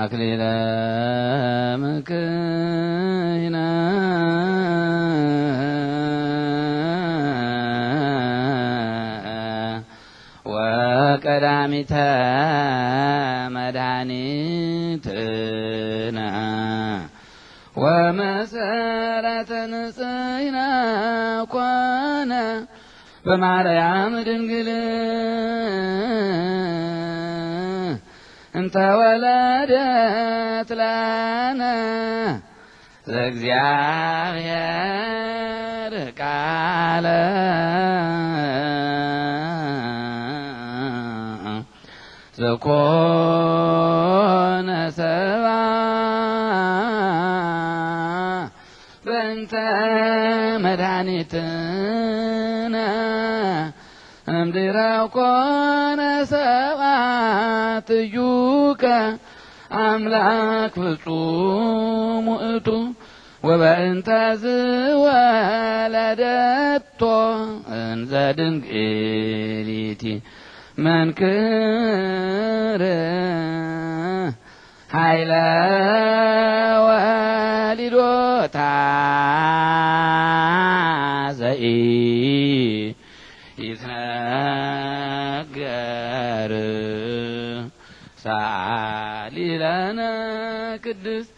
አክሊለ ምክህና ወቀዳሚተ መድኃኒትና ወመሰረተ ንጽሕና ኮነ በማርያም ድንግል እንተወለደት ለነ ዘእግዚአብሔር ቃለ ዘኮነ ሰባ በእንተ መድኃኒትነ እምድረው ኮነ ሰባ ትዩከ አምላክ ፍጹም ውእቱ ወበእንተ ዝወለደቶ እንዘ ድንግሊቲ መንክር ኃይለ ወሊዶታ ዘኢ ይትነገር ሳሊ ለነ ቅድስት